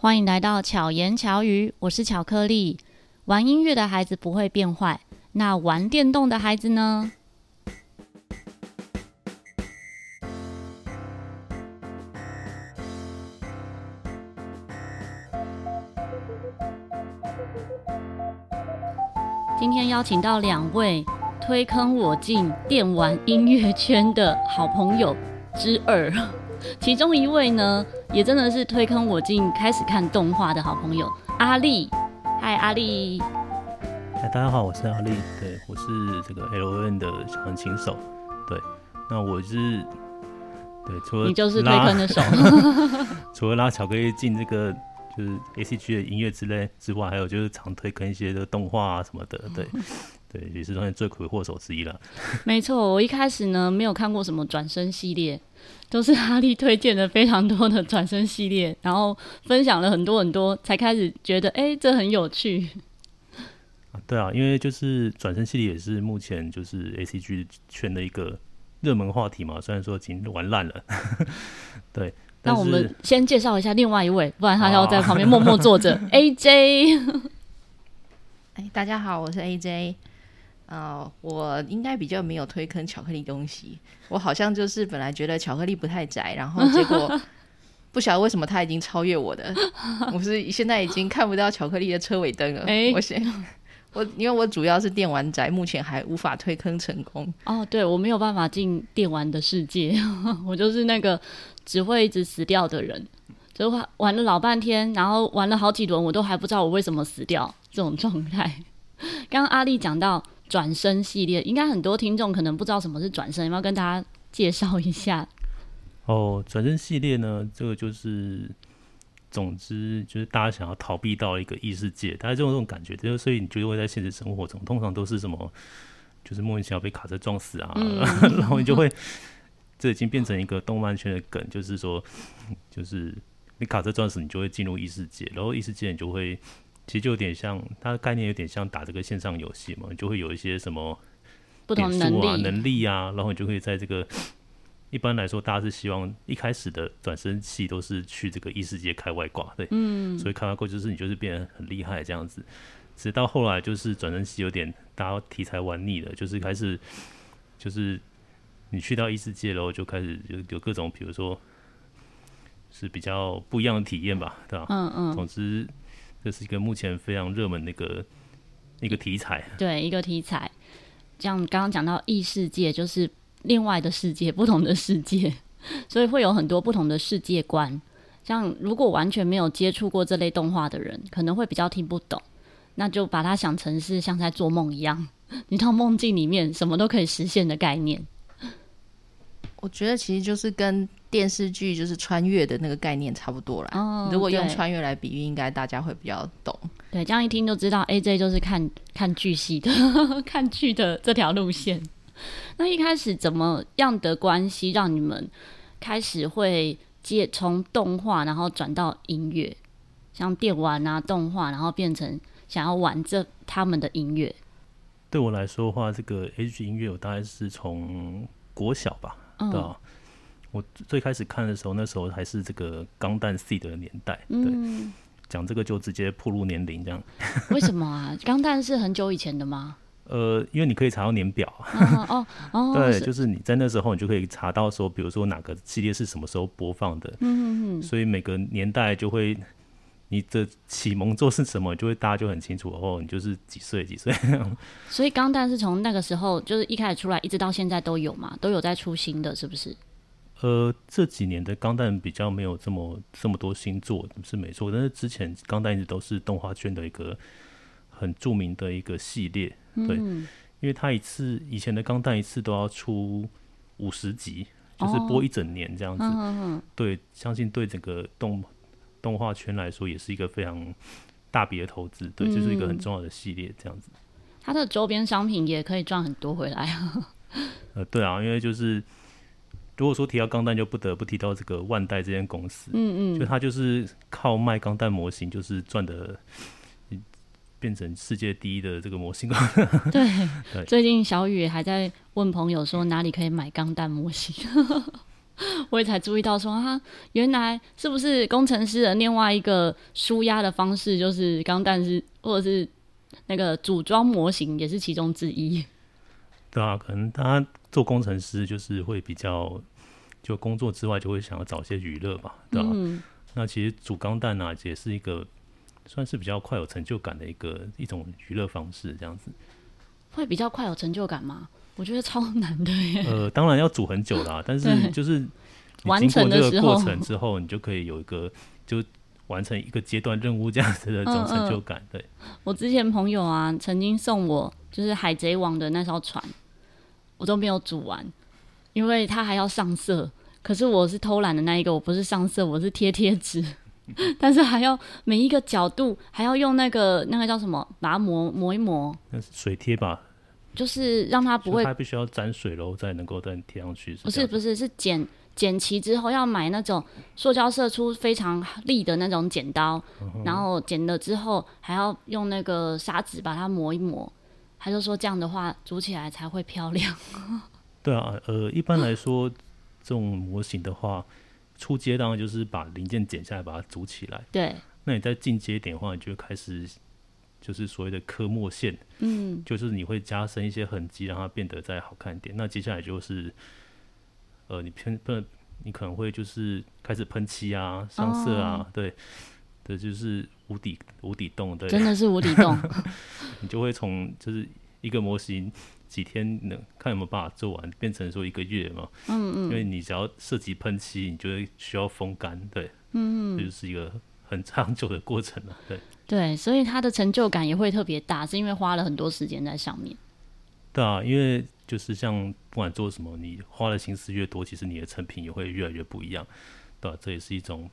歡迎來到巧言巧語，我是巧克力。玩音樂的孩子不會變壞，那玩電動的孩子呢？今天邀請到兩位推坑我進電玩音樂圈的好朋友之二，其中一位呢，也真的是推坑我進開始看動畫的好朋友阿力，嗨阿力、欸，大家好，我是阿力，對，我是這個 LOAM 的小提琴手，對，那我是對除了你就是推坑的手， 除了拉巧克力進這個就是 A C G 的音樂之類之外，還有就是常推坑一些的動畫啊什麼的，對。嗯對，也是那些罪魁禍首之一了。沒錯，我一開始呢沒有看過什麼轉身系列， 都是哈利推薦了非常多的轉身系列，然後分享了很多很多，才開始覺得哎、欸，這很有趣啊。對啊，因為就是轉身系列也是目前就是 A C G 圈的一個熱門話題嘛，雖然說已經玩爛了。 對，那我們先介紹一下另外一位，不然他要在旁邊默默坐着。A J，哎，大家好，我是 A J。啊、哦，我應該比較沒有推坑巧克力東西，我好像就是本來覺得巧克力不太宅，然後結果不曉得為什麼他已經超越我的， 我是現在已經看不到巧克力的車尾燈了。哎、欸，我我因為我主要是電玩宅，目前還無法推坑成功。哦，對，我沒有辦法進電玩的世界，我就是那個只會一直死掉的人，就玩了老半天，然後玩了好幾輪，我都還不知道我為什麼死掉。這種狀態。剛 剛阿麗講到。轉生系列應該很多聽眾可能不知道什麼是轉生，要不要跟大家介紹一下？哦，轉生系列呢，這個就是，總之就是大家想要逃避到一個異世界，大家這種這種感覺，就所以你就會在現實生活中，通常都是什麼？就是莫名其妙被卡車撞死啊，嗯、 然後你就會，這 已經變成一個動漫圈的梗，就是說，就是你卡車撞死，你就會進入異世界，然後異世界你就會。其實就有點像，它的概念有點像打這個線上遊戲嘛，你就會有一些什麼、啊、不同能力啊，能力啊，然後你就會在這個一般來說，大家是希望一開始的轉生系都是去這個異、e、世界開外掛，對，嗯，所以開外掛就是你就是變得很厲害這樣子，直到後來就是轉生系有點大家題材玩膩了，就是開始就是你去到異、e、世界然後就開始有有各種，比如說是比較不一樣的體驗吧，對吧？嗯嗯，總之。這是一個目前非常熱門的一個一個題材，對，一個題材。像剛剛講到異世界，就是另外的世界，不同的世界，所以會有很多不同的世界觀。像如果完全沒有接觸過這類動畫的人，可能會比較聽不懂，那就把它想成是像在做夢一樣，你到夢境裡面，什麼都可以實現的概念。我覺得其實就是跟。電視劇就是穿越的那個概念差不多了。Oh, 如果用穿越來比喻，應該大家會比較懂，對。對，這樣一聽就知道，ACG 就是看看劇系的呵呵，看劇的這條路線。那一開始怎麼樣的關係讓你們開始會接從動畫，然後轉到音樂，像電玩啊、動畫，然後變成想要玩這他們的音樂？對我來說的話，這個 ACG 音樂我大概是從國小吧，嗯、對吧、哦？我最開始看的時候，那時候還是這個《鋼彈 SEED》的年代。對嗯，講這個就直接暴露年齡這樣。為什麼啊？《鋼彈》是很久以前的嗎？呃，因為你可以查到年表。啊、哦，對、哦， 是就是你在那時候，你就可以查到說，比如說哪個系列是什麼時候播放的。嗯嗯所以每個年代就會你的啟蒙作是什麼，就會大家就很清楚。然後你就是幾歲幾歲。嗯、所以《鋼彈》是從那個時候就是一開始出來，一直到現在都有嘛，都有在出新的，是不是？呃，這幾年的鋼彈比較沒有這麼這麼多新作是沒錯，但是之前鋼彈一直都是動畫圈的一個很著名的一個系列，嗯、對，因為它一次以前的鋼彈一次都要出五十集，就是播一整年這樣子，哦嗯、哼哼對，相信對整個動動畫圈來說也是一個非常大筆的投資，對，嗯、就是一個很重要的系列這樣子。它的周邊商品也可以賺很多回來 、呃。對啊，因為就是。如果說提到鋼彈，就不得不提到這個萬代這間公司，嗯嗯，就他就是靠賣鋼彈模型，就是賺的，變成世界第一的這個模型。對，對最近小雨還在問朋友說哪裡可以買鋼彈模型，對 我也才注意到說哈、啊，原來是不是工程師的另外一個紓壓的方式，就是鋼彈是或者是那個組裝模型也是其中之一。對啊，可能他。做工程師就是會比較，就工作之外就會想要找些娛樂吧，對吧、嗯？那其實煮鋼彈呢，也是一個算是比較快有成就感的一個一種娛樂方式，這樣子。會比較快有成就感嗎？我覺得超難的耶。呃，當然要煮很久啦， 但是就是經過這個過程之後，你就可以有一個就完成一個階段任務這樣子的一種成就感。對，呃、我之前朋友啊曾經送我就是海賊王的那艘船。我都沒有煮完，因為它還要上色。可是我是偷懶的那一個，我不是上色，我是貼貼紙，但是還要每一個角度，還要用那個那個叫什麼，把它磨磨一磨。那是水貼吧？就是讓它不會，它還必須要沾水嘍，才能夠再貼上去。不是，是不是，是剪剪齊之後，要買那種塑膠射出非常利的那種剪刀，嗯、哼然後剪了之後，還要用那個砂紙把它磨一磨。他就說這樣的話，組起來才會漂亮。對啊，呃，一般來說，啊、這種模型的話，初階當然就是把零件剪下來，把它組起來。對。那你在進階點的話，你就開始就是所謂的刻墨線，嗯，就是你會加深一些痕跡，讓它變得再好看一點。那接下來就是，呃，你噴噴，你可能會就是開始噴漆啊，上色啊，哦、對。這就是無底無底洞，對，真的是無底洞。 你就會從就是一個模型，幾天能看有沒有辦法做完，變成說一個月嘛。嗯嗯。因為你只要涉及噴漆，你就會需要風乾，對。嗯嗯。這就是一個很長久的過程了，對。對，所以它的成就感也會特別大，是因為花了很多時間在上面。對啊，因為就是像不管做什麼，你花的心思越多，其實你的成品也會越來越不一樣，對吧？這也是一種。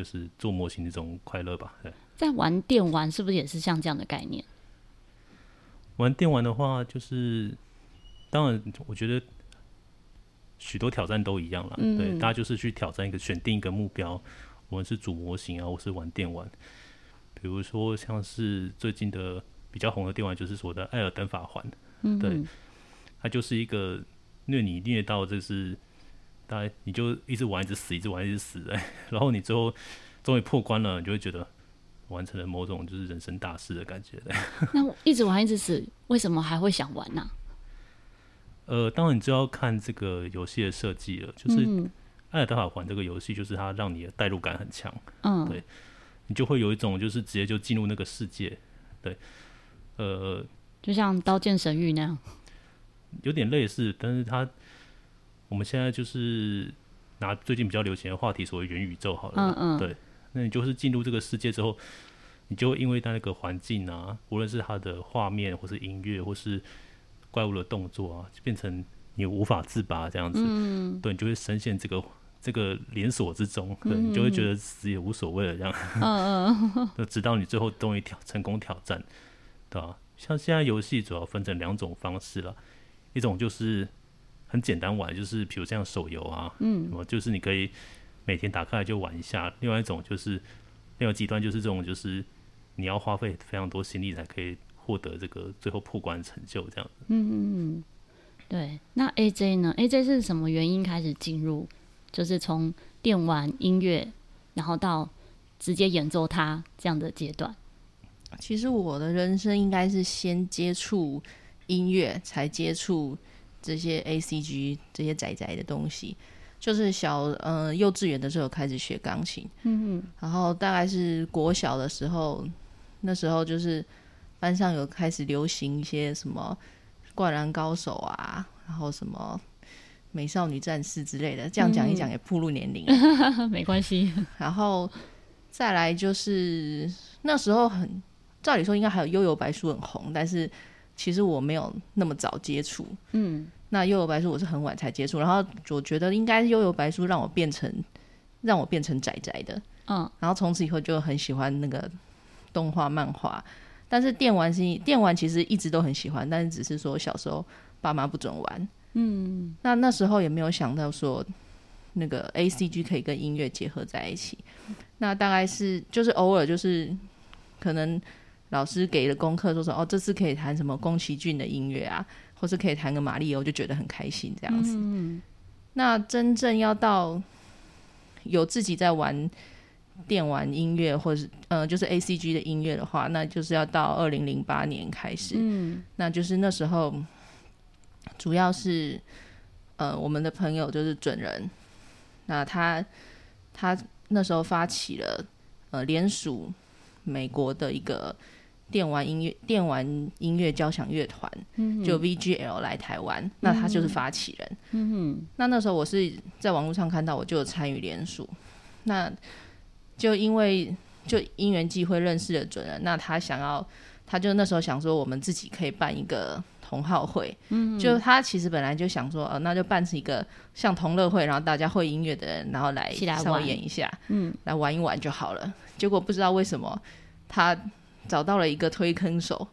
就是做模型的這種快樂吧。在玩電玩是不是也是像這樣的概念？玩電玩的話，就是當然，我覺得許多挑戰都一樣了。嗯、對，大家就是去挑戰一個，選定一個目標。我們是主模型啊，我是玩電玩。比如說，像是最近的比較紅的電玩，就是所謂的《艾爾登法環》。對，它就是一個，虐你虐到這是。大概你就一直玩一直死，一直玩一直死哎，然後你最後終於破關了，你就會覺得完成了某種就是人生大事的感覺。那一直玩一直死，為什麼還會想玩呢、啊？呃，當然你就要看這個遊戲的設計了，就是艾爾登、嗯、法環這個遊戲，就是它讓你的代入感很強。嗯，對，你就會有一種就是直接就進入那個世界。對，呃，就像《刀劍神域》那樣，有點類似，但是它。我們現在就是拿最近比較流行的話題，所謂元宇宙好了。嗯嗯、對，那你就是進入這個世界之後，你就會因為那個環境啊，無論是它的畫面，或是音樂，或是怪物的動作啊，就變成你無法自拔這樣子。嗯對，你就會深陷這個這個連鎖之中，對你就會覺得自己也無所謂了這樣。嗯嗯。 就直到你最後終於挑成功挑戰，對啊。像現在遊戲主要分成兩種方式了，一種就是。很簡單玩，就是比如，這樣手遊啊，嗯，我就是你可以每天打開來就玩一下。另外一種就是，另外極端就是這種，就是你要花費非常多心力才可以獲得這個最後破關成就這樣子。嗯嗯嗯，對。那 AJ 呢？AJ 是什麼原因開始進入，就是從電玩音樂，然後到直接演奏它這樣的階段？其實我的人生應該是先接觸音樂，才接觸。這些 A C G 這些宅宅的東西，就是小呃幼稚園的時候開始學鋼琴，嗯哼，然後大概是國小的時候，那時候就是班上有開始流行一些什麼灌籃高手啊，然後什麼美少女戰士之類的，這樣講一講也暴露年齡，嗯、 沒關係係。 然後再來就是那時候很，照理說應該還有幽遊白書很紅，但是。其實我沒有那麼早接觸，嗯，那《幽遊白書》我是很晚才接觸，然後我覺得應該是《幽遊白書》讓我變成讓我變成宅宅的，嗯、哦，然後從此以後就很喜歡那個動畫漫畫，但是電玩是電玩，其實一直都很喜歡，但是只是說小時候爸媽不准玩，嗯，那那時候也沒有想到說那個 A C G 可以跟音樂結合在一起，那大概是就是偶爾就是可能。老師給了功課，說說哦，這次可以彈什麼宮崎駿的音樂啊，或是可以彈個瑪利歐，就覺得很開心這樣子。嗯、那真正要到有自己在玩電玩音樂，或是呃，就是 A C G 的音樂的話，那就是要到二零零八年開始。嗯、那就是那時候，主要是呃，我們的朋友就是準人，那他他那時候發起了呃，聯署美國的一個。電玩音樂，電玩音樂交響樂團，嗯、哼就 VGL 來台灣，嗯、哼那他就是發起人。嗯，嗯，那那時候我是在網絡上看到，我就有參與聯署。那就因為就因緣際會認識的准人，那他想要，他就那時候想說，我們自己可以辦一個同好會。嗯哼，就他其實本來就想說，哦、呃，那就辦成一個像同樂會，然後大家會音樂的人，然後來稍微演一下，嗯，來玩一玩就好了。結果不知道為什麼他。找到了一個推坑手，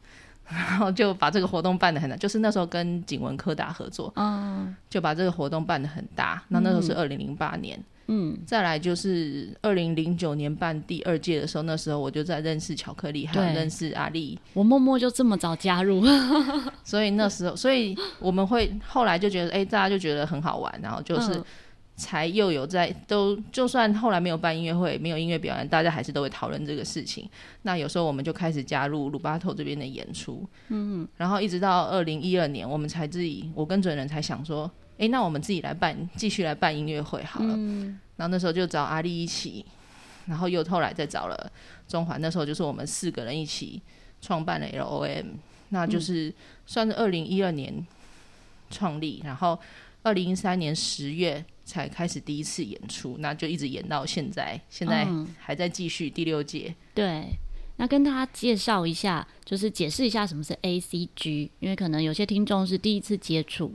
然後就把這個活動辦的很大。就是那時候跟景文科大合作，哦、就把這個活動辦的很大。那那時候是二零零八年嗯，嗯，再來就是二零零九年辦第二屆的時候，那時候我就在認識巧克力，還有認識阿麗。我默默就這麼早加入， 所以那時候，所以我們會後來就覺得，哎、欸，大家就覺得很好玩，然後就是。嗯才又有在都，就算後來沒有辦音樂會，沒有音樂表演，大家還是都會討論這個事情。那有時候我們就開始加入魯巴頭這邊的演出，嗯哼，然後一直到二零一二年，我們才自己，我跟准人才想說，哎、欸，那我們自己來辦，繼續來辦音樂會好了。嗯、然後那時候就找阿力一起，然後又後來再找了中華，那時候就是我們四個人一起創辦了 LOAM，那就是算是二零一二年創立，嗯、然後。二零一三年十月才開始第一次演出，那就一直演到現在，現在還在繼續、嗯、第六屆。對，那跟大家介紹一下，就是解釋一下什麼是 A C G，因為可能有些聽眾是第一次接觸。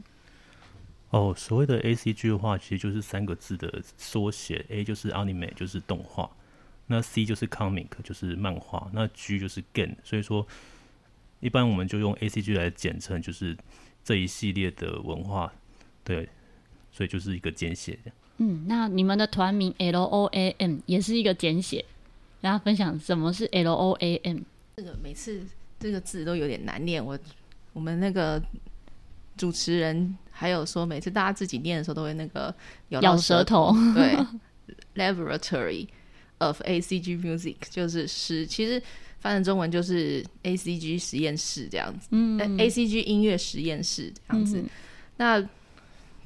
哦，所謂的 A C G 的話，其實就是三個字的縮寫，A 就是 Anime，就是動畫；那 C 就是 Comic，就是漫畫；那 G 就是 Game。所以說，一般我們就用 A C G 來簡稱，就是這一系列的文化。對，所以就是一個簡寫。嗯，那你們的團名 LOAM 也是一個簡寫，然後分享什麼是 LOAM。這個每次這個字都有點難念，我我們那個主持人還有說，每次大家自己念的時候都會那個咬舌頭。咬舌頭對 ，Laboratory of ACG Music 就是實，其實翻譯成中文就是 ACG 實驗室這樣子。嗯，嗯、呃、，ACG 音樂實驗室這樣子。嗯嗯那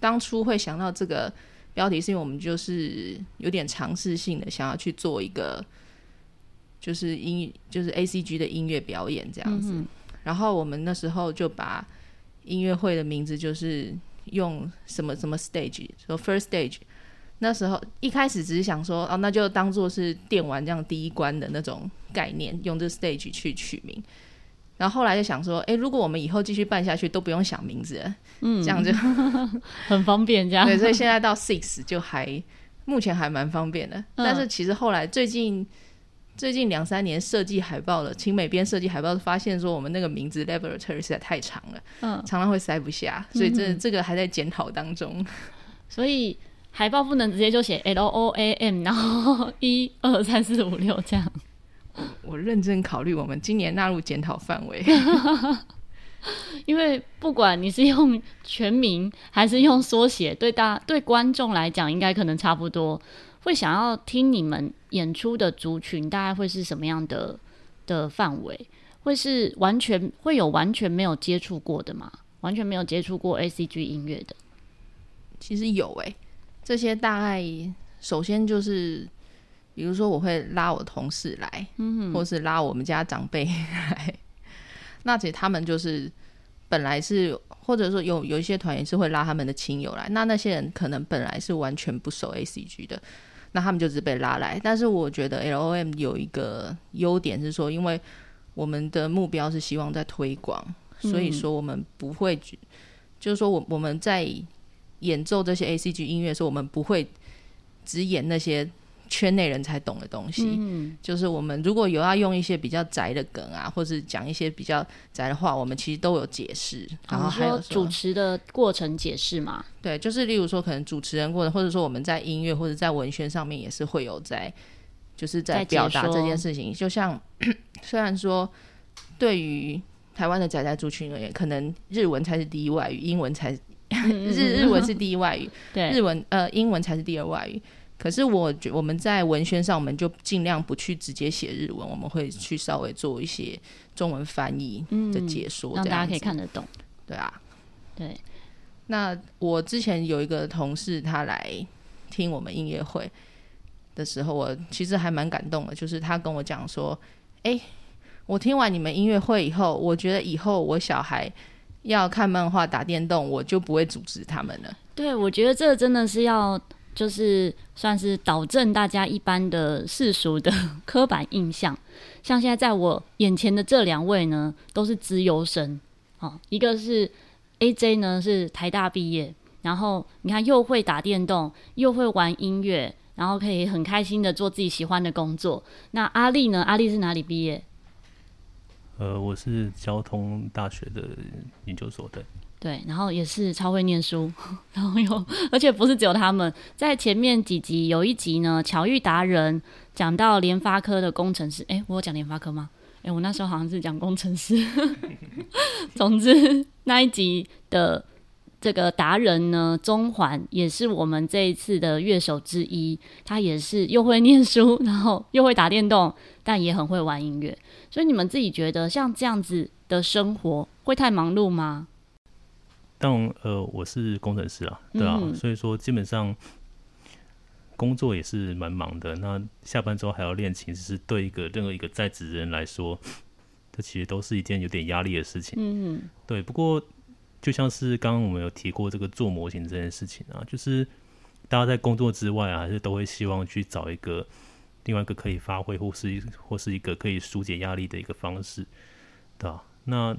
當初會想到這個標題，是因為我們就是有點嘗試性的想要去做一個就是音，就是音就是 A C G 的音樂表演這樣子。嗯、哼然後我們那時候就把音樂會的名字就是用什麼什麼 stage，說 first stage。那時候一開始只是想說，哦，那就當做是電玩這樣第一關的那種概念，用這個 stage 去取名。然後後來就想說誒，如果我們以後繼續辦下去，都不用想名字了，嗯，這樣就 很方便，這樣。對，所以現在到 six 就還目前還蠻方便的。嗯，但是其實後來最近最近兩三年設計海報了，請美編設計海報，發現說我們那個名字 Laboratory 實在太長了，嗯，常常會塞不下，所以這這個還在檢討當中嗯嗯。所以海報不能直接就寫 L O A M，然後一二三四五六這樣。我認真考慮，我們今年納入檢討範圍，因為不管你是用全名還是用縮寫，對大對觀眾來講，應該可能差不多。會想要聽你們演出的族群，大概會是什麼樣的的範圍？會是完全會有完全沒有接觸過的嗎？完全沒有接觸過 ACG 音樂的？其實有誒、欸，這些大概首先就是。比如說，我會拉我同事來，嗯、哼或是拉我們家長輩來。那其實他們就是本來是，或者說有有一些團員是會拉他們的親友來。那那些人可能本來是完全不熟 A C G 的，那他們就只是被拉來。但是我覺得 LOAM 有一個優點是說，因為我們的目標是希望在推廣，嗯、哼所以說我們不會，就是說我我們在演奏這些 A C G 音樂的時候，我們不會只演那些，圈內人才懂的東西，嗯、就是我們如果有要用一些比較宅的梗啊，或者講一些比較宅的話，我們其實都有解釋。然後還有、哦、主持的過程解釋嘛？對，就是例如說，可能主持人或者或者說我們在音樂或者在文宣上面也是會有在，就是在表達這件事情。解就像雖然說，對於台灣的宅宅族群而言，可能日文才是第一外語，英文才是嗯嗯嗯 日日文是第一外語， 對，日文呃英文才是第二外語。可是我，我們在文宣上，我們就盡量不去直接寫日文，我們會去稍微做一些中文翻譯的解說，嗯，讓大家可以看得懂。對啊，對。那我之前有一個同事，他來聽我們音樂會的時候，我其實還蠻感動的。就是他跟我講說：“哎，我聽完你們音樂會以後，我覺得以後我小孩要看漫畫、打電動，我就不會阻止他們了。”對，我覺得這真的是要。就是算是導正大家一般的世俗的刻板印象，像現在在我眼前的這兩位呢，都是資優生哦。一個是 AJ 呢，是台大畢業，然後你看又會打電動，又會玩音樂，然後可以很開心的做自己喜歡的工作。那阿力呢？阿力是哪裡畢業？呃，我是交通大學的研究所的。對，然後也是超會念書，然後又而且不是只有他們在前面幾集有一集呢，巧遇達人講到聯發科的工程師。誒，我有講聯發科嗎？誒，我那時候好像是講工程師。 總之那一集的這個達人呢，中環也是我們這一次的樂手之一，他也是又會念書，然後又會打電動，但也很會玩音樂。所以你們自己覺得像這樣子的生活會太忙碌嗎？但呃，我是工程師啊，對啊，嗯、哼所以說基本上工作也是蠻忙的。那下班之後還要練琴，其實對一個任何一個在職的人來說，這其實都是一件有點壓力的事情。嗯哼對。不過就像是剛剛我們有提過這個做模型這件事情啊，就是大家在工作之外啊，還是都會希望去找一個另外一個可以發揮，或是一或是一個可以疏解壓力的一個方式，對啊，那。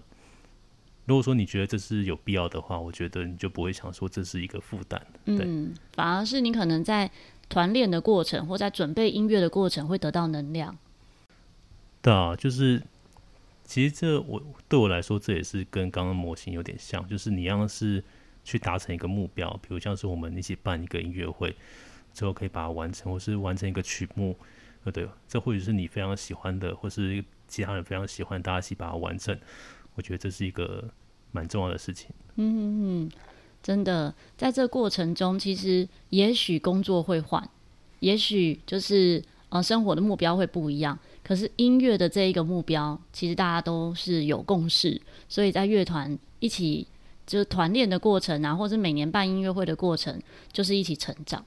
如果說你覺得這是有必要的話，我覺得你就不會想說這是一個負擔。對嗯，反而是你可能在團練的過程或在準備音樂的過程會得到能量。對啊，就是其實這我對我來說，這也是跟剛剛的模型有點像，就是你要是去達成一個目標，比如像是我們一起辦一個音樂會之後可以把它完成，或是完成一個曲目，對，對，這或許是你非常喜歡的，或是其他人非常喜歡，大家一起把它完成。我覺得這是一個蠻重要的事情。嗯，嗯，嗯，真的，在這過程中，其實也許工作會換，也許就是呃，生活的目標會不一樣。可是音樂的這一個目標，其實大家都是有共識，所以在樂團一起就是團練的過程啊，或者每年辦音樂會的過程，就是一起成長。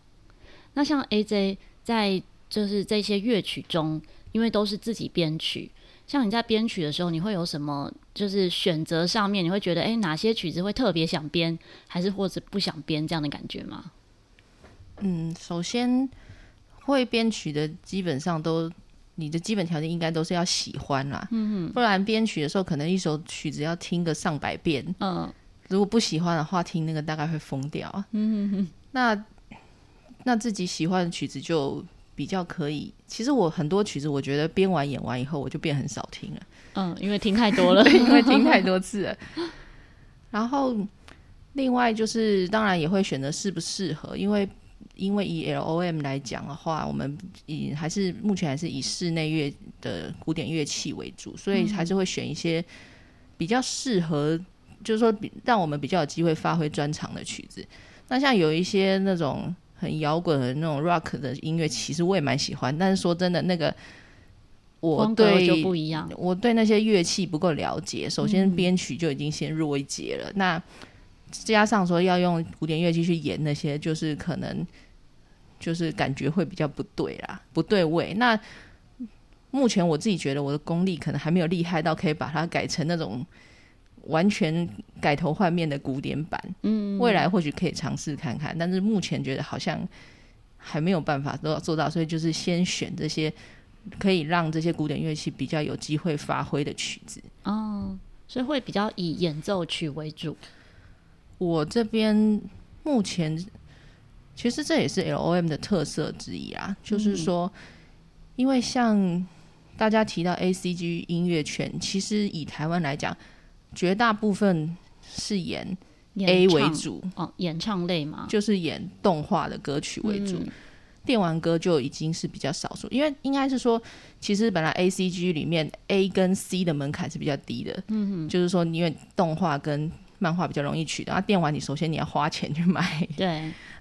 那像 AJ 在就是這些樂曲中，因為都是自己編曲。像你在編曲的時候，你會有什麼就是選擇上面，你會覺得哎、欸，哪些曲子會特別想編，還是或者不想編這樣的感覺嗎？嗯，首先會編曲的基本上都你的基本條件應該都是要喜歡啦，嗯哼，不然編曲的時候可能一首曲子要聽個上百遍，嗯，如果不喜歡的話，聽那個大概會瘋掉。嗯嗯嗯，那那自己喜歡的曲子就。比較可以，其實我很多曲子，我覺得編完演完以後，我就變很少聽了。嗯，因為聽太多了， 因為聽太多次了。 然後另外就是，當然也會選擇適不適合，因為因為以 LOAM 來講的話，我們以還是目前還是以室內樂的古典樂器為主，所以還是會選一些比較適合，嗯、就是說比讓我們比較有機會發揮專長的曲子。那像有一些那種，很搖滾的那種 rock 的音樂，其實我也蠻喜歡。但是說真的，那個我對我就不一樣，我對那些樂器不夠了解。首先編曲就已經先弱一截了，嗯、那加上說要用古典樂器去演那些，就是可能就是感覺會比較不對啦，不對位。那目前我自己覺得我的功力可能還沒有厲害到可以把它改成那種。完全改頭換面的古典版，嗯、未來或許可以嘗試看看，但是目前覺得好像還沒有辦法都要做到，所以就是先選這些可以讓這些古典樂器比較有機會發揮的曲子哦，所以會比較以演奏曲為主。我這邊目前其實這也是 L O A M 的特色之一啊，就是說，嗯、因為像大家提到 A C G 音樂圈，其實以台灣來講。絕大部分是演 A 演唱為主哦，演唱類嘛，就是演動畫的歌曲為主。嗯、電玩歌就已經是比較少數，因為應該是說，其實本來 A C G 裡面 A 跟 C 的門檻是比較低的，嗯嗯哼，就是說因為動畫跟漫畫比較容易取得，啊電玩你首先你要花錢去買，對，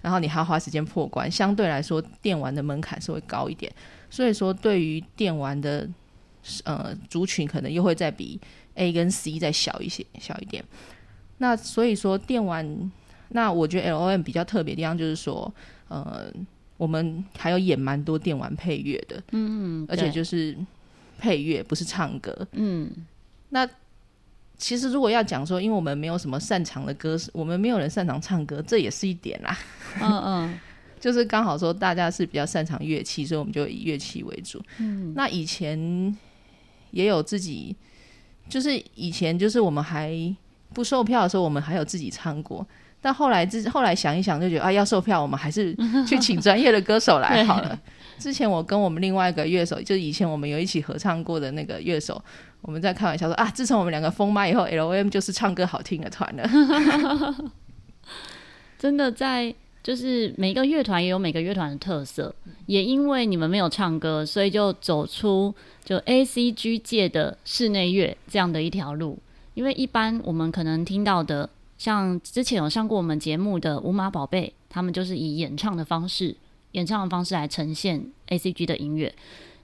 然後你還要花時間破關，相對來說電玩的門檻是會高一點，所以說對於電玩的呃族群可能又會再比。A 跟 C 再小一些，小一點。那所以說電玩，那我覺得 LOAM 比較特別的地方就是說，嗯、呃，我們還有演蠻多電玩配樂的，嗯嗯，而且就是配樂不是唱歌，嗯。那其實如果要講說，因為我們沒有什麼擅長的歌，我們沒有人擅長唱歌，這也是一點啦。嗯 嗯、哦哦，就是剛好說大家是比較擅長樂器，所以我們就以樂器為主。嗯，那以前也有自己。就是以前就是我們還不售票的時候，我們還有自己唱過。但後來自後來想一想，就覺得啊，要售票，我們還是去請專業的歌手來 對 好了。之前我跟我們另外一個樂手，就是以前我們有一起合唱過的那個樂手，我們在開玩笑說啊，自從我們兩個封麥以後，LOAM 就是唱歌好聽的團了。 真的在。就是每個樂團也有每個樂團的特色，也因為你們沒有唱歌，所以就走出就 A C G 界的室內樂這樣的一條路。因為一般我們可能聽到的，像之前有上過我們節目的五馬寶貝，他們就是以演唱的方式、演唱的方式來呈現 A C G 的音樂。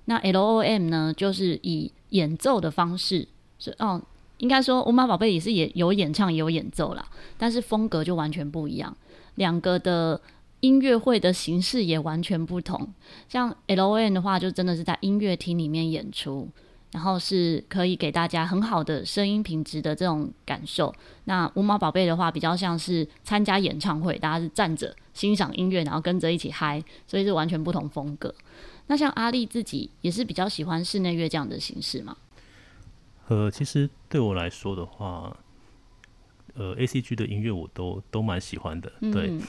那 LOAM 呢，就是以演奏的方式，是哦，應該說五馬寶貝也是也有演唱，也有演奏啦，但是風格就完全不一樣。兩個的音樂會的形式也完全不同。像 LOAM 的話，就真的是在音樂廳裡面演出，然後是可以給大家很好的聲音品質的這種感受。那五毛寶貝的話，比較像是參加演唱會，大家是站着欣賞音樂，然後跟着一起嗨，所以是完全不同風格。那像阿麗自己也是比較喜歡室內樂這樣的形式嘛？呃，其實對我來說的話。呃，A C G 的音樂我都都蠻喜歡的，對。嗯、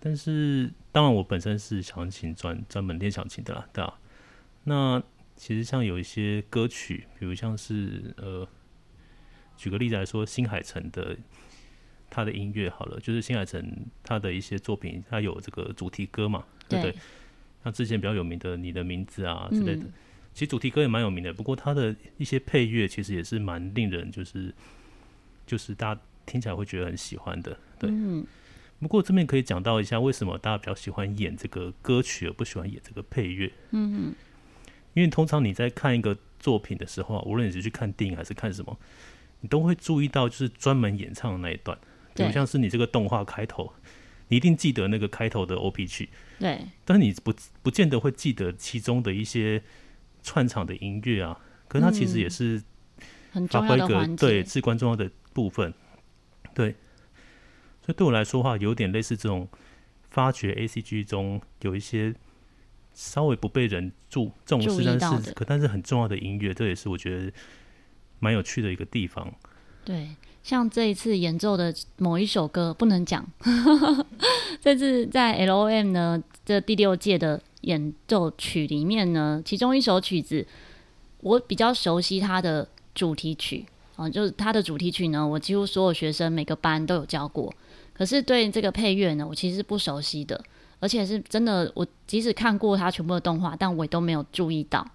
但是，當然我本身是小提琴專專門練小提琴的啦，對啊，那其實像有一些歌曲，比如像是呃，舉個例子來說，新海誠的他的音樂，好了，就是新海誠他的一些作品，他有這個主題歌嘛，對不對？對對對，像之前比較有名的《你的名字啊》啊之類的，嗯、其實主題歌也蠻有名的。不過他的一些配樂，其實也是蠻令人就是就是大家。聽起來會覺得很喜歡的，對。不過這邊可以講到一下，為什麼大家比較喜歡演這個歌曲，而不喜歡演這個配樂？嗯，因為通常你在看一個作品的時候，無論你是去看電影還是看什麼，你都會注意到就是專門演唱的那一段，比如像是你這個動畫開頭，你一定記得那個開頭的 OP 曲。對。但是你不不見得會記得其中的一些串場的音樂啊，可是它其實也是很重要的環節，對，至關重要的部分。對，所以對我來說的話，有點類似這種發掘 ACG 中有一些稍微不被人注重視，到的但是可但是很重要的音樂，這也是我覺得蠻有趣的一個地方。對，像這一次演奏的某一首歌不能講， 這次在 LOAM 呢這第六屆的演奏曲裡面呢，其中一首曲子我比較熟悉，它的主題曲。哦，就是他的主題曲呢，我幾乎所有學生每個班都有教過。可是對這個配樂呢，我其實是不熟悉的，而且是真的，我即使看過他全部的動畫，但我也都沒有注意到。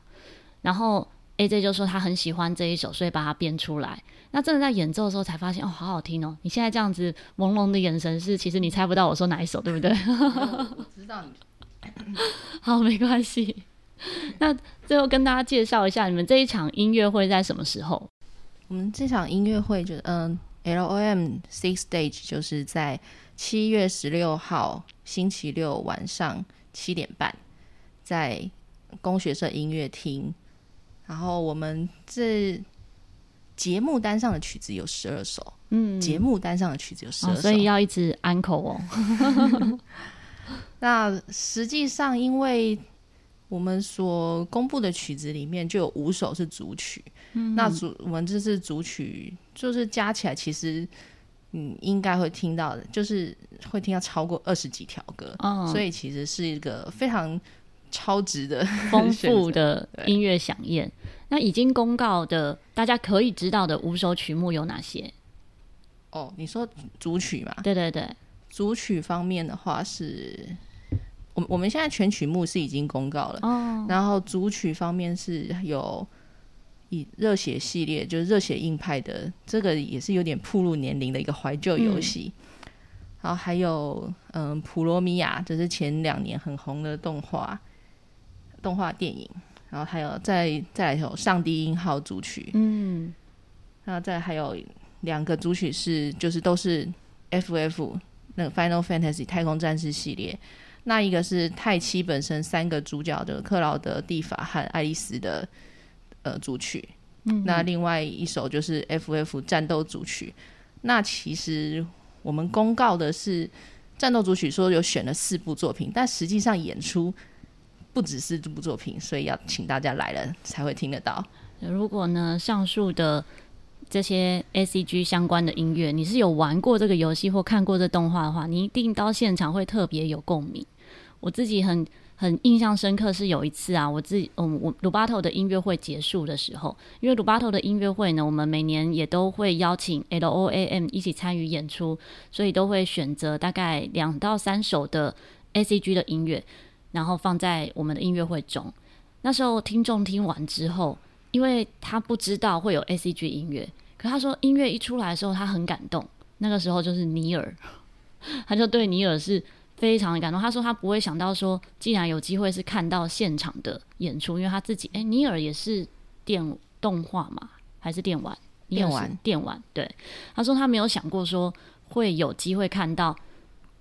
然後 AJ 就說他很喜歡這一首，所以把它編出來。那真的在演奏的時候才發現，哦，好好聽哦！你現在這樣子朦朧的眼神，是其實你猜不到我說哪一首， 對不對？ 我知道你。 好，沒關係。那最後跟大家介紹一下，你們這一場音樂會在什麼時候？我們這場音樂會就是嗯、呃、LOAM Six Stage 就是在七月十六號星期六晚上七點半，在功學社音樂廳。然後我們這節目單上的曲子有十二首，嗯，節目單上的曲子有十二首，所以要一直安可哦。 那實際上因為。我們所公布的曲子裡面就有五首是組曲，嗯、那組，我們這是組曲，就是加起來其實嗯應該會聽到的，就是會聽到超過二十幾條歌，哦、所以其實是一個非常超值的、豐富的音樂饗宴。對那已經公告的，大家可以知道的五首曲目有哪些？哦，你說組曲嗎？對對對，組曲方面的話是。我我們現在全曲目是已經公告了，oh. 然後主曲方面是有以熱血系列，就是熱血硬派的這個也是有點曝露年齡的一個懷舊遊戲，嗯、然後還有嗯《普羅米亞》就，這是前兩年很紅的動畫動畫電影，然後還有再再來一首《上帝音號》主曲，嗯，那再還有兩個主曲是就是都是 F F 那個 Final Fantasy 太空戰士系列。那一個是《泰七》本身三個主角的克勞德、蒂法和愛麗絲的呃主曲，嗯、哼那另外一首就是《FF》戰鬥主曲。那其實我們公告的是戰鬥主曲，說有選了四部作品，但實際上演出不只是這部作品，所以要請大家來了才會聽得到。如果呢，上述的這些 A C G 相關的音樂，你是有玩過這個遊戲或看過這個動畫的話，你一定到現場會特別有共鳴。我自己很很印象深刻，是有一次啊，我自己嗯，我魯巴特的音樂會結束的時候，因為魯巴特的音樂會呢，我們每年也都會邀請 LOAM 一起參與演出，所以都會選擇大概兩到三首的 ACG 的音樂，然後放在我們的音樂會中。那時候聽眾聽完之後，因為他不知道會有 ACG 音樂，可他說音樂一出來的時候，他很感動。那個時候就是尼爾，他就對尼爾是，非常的感動，他說他不會想到說，竟然有機會是看到現場的演出，因為他自己哎、欸，尼爾也是電動畫嘛，還是電玩？電玩？電玩？對，他說他沒有想過說會有機會看到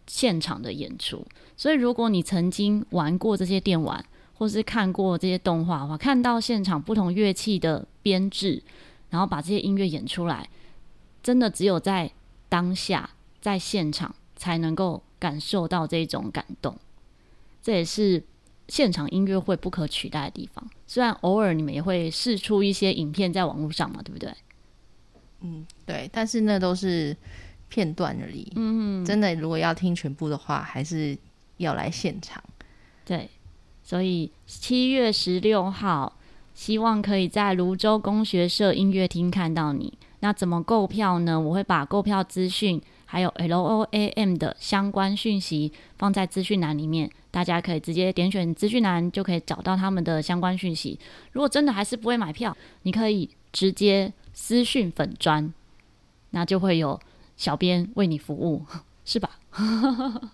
現場的演出，所以如果你曾經玩過這些電玩，或是看過這些動畫的話，看到現場不同樂器的編制，然後把這些音樂演出來，真的只有在當下在現場才能夠。感受到這種感動，這也是現場音樂會不可取代的地方。雖然偶爾你們也會釋出一些影片在網絡上嘛，對不對？嗯，對。但是那都是片段而已。嗯，真的，如果要聽全部的話，還是要來現場。對，所以七月十六號，希望可以在蘆洲功學社音樂廳看到你。那怎麼購票呢？我會把購票資訊。還有 LOAM 的相關訊息放在資訊欄裡面，大家可以直接點選資訊欄，就可以找到他們的相關訊息。如果真的還是不會買票，你可以直接私訊粉專，那就會有小編為你服務，是吧？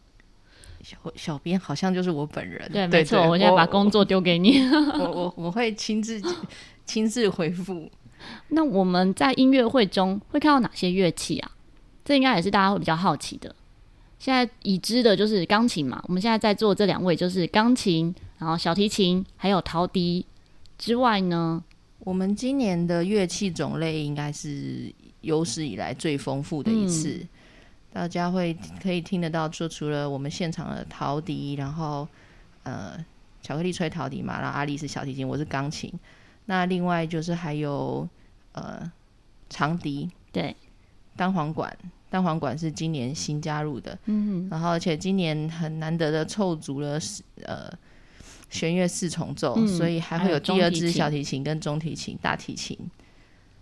小小編好像就是我本人。對，沒錯，我現在把工作丟給你， 我我我，我會親自親自回復。 那我們在音樂會中會看到哪些樂器啊？這應該也是大家會比較好奇的。現在已知的就是鋼琴嘛，我們現在在座這兩位就是鋼琴，然後小提琴，還有陶笛之外呢，我們今年的樂器種類應該是有史以來最豐富的一次。嗯，大家會可以聽得到，說除了我們現場的陶笛，然後呃巧克力吹陶笛嘛，然後阿力是小提琴，我是鋼琴，那另外就是還有呃長笛，對，單簧管。單簧管是今年新加入的，嗯哼，然後而且今年很難得的湊足了呃弦樂四重奏，嗯、所以還會有第二支小提琴跟中提琴，大提琴。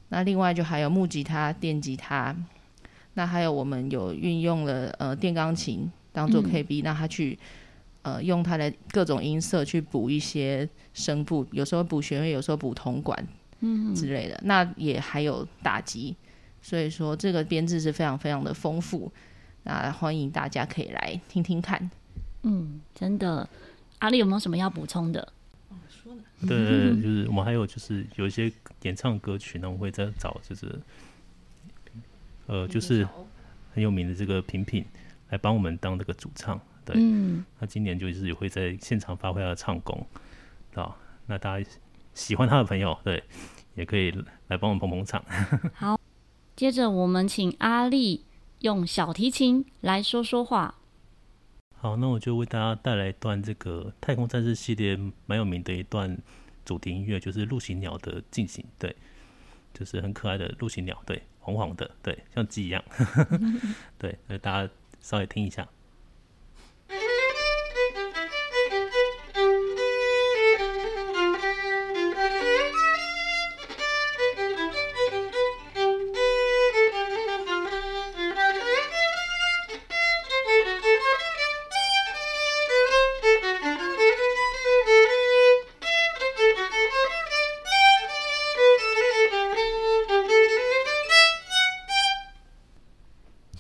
那另外就還有木吉他、電吉他，那還有我們有運用了呃電鋼琴當做 KB，那他去呃用他的各種音色去補一些聲部，有時候補弦樂，有時候補銅管，嗯，之類的。嗯、哼那也還有打擊。所以說，這個編制是非常非常的豐富，那歡迎大家可以來聽聽看。嗯，真的，阿麗有沒有什麼要補充的？對對、哦、 對，就是我們還有就是有一些演唱歌曲呢，我會再找就是呃，就是很有名的這個品品來幫我們當這個主唱。對，嗯，他今年就是也會在現場發揮他的唱功，啊，那大家喜歡他的朋友，對，也可以來幫我們捧捧場。好。 接着，我們請阿麗用小提琴來說說話。好，那我就為大家帶來一段這個太空戰士系列蠻有名的一段主題音樂，就是《陸行鳥》的進行。對，就是很可愛的陸行鳥，對，黃黃的，對，像雞一樣。呵呵 對，那大家稍微聽一下。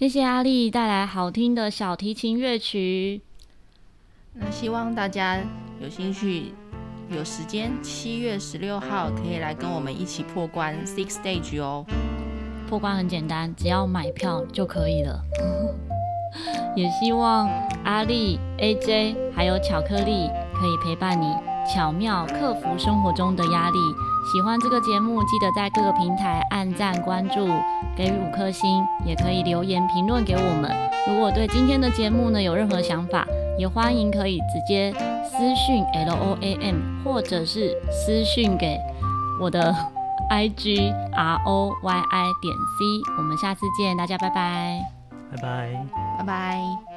謝謝阿麗帶來好聽的小提琴樂曲，那希望大家有興趣、有時間，七月十六號可以來跟我們一起破關 Six Stage 哦！破關很簡單，只要買票就可以了。 也希望阿麗、AJ 還有巧克力可以陪伴你，巧妙克服生活中的壓力。喜歡這個節目，記得在各個平台按贊、關注，給予五顆星，也可以留言評論給我們。如果對今天的節目呢有任何想法，也歡迎可以直接私訊 LOAM，或者是私訊給我的 IG ROYI 點 C。我們下次見，大家拜拜，拜拜，拜拜。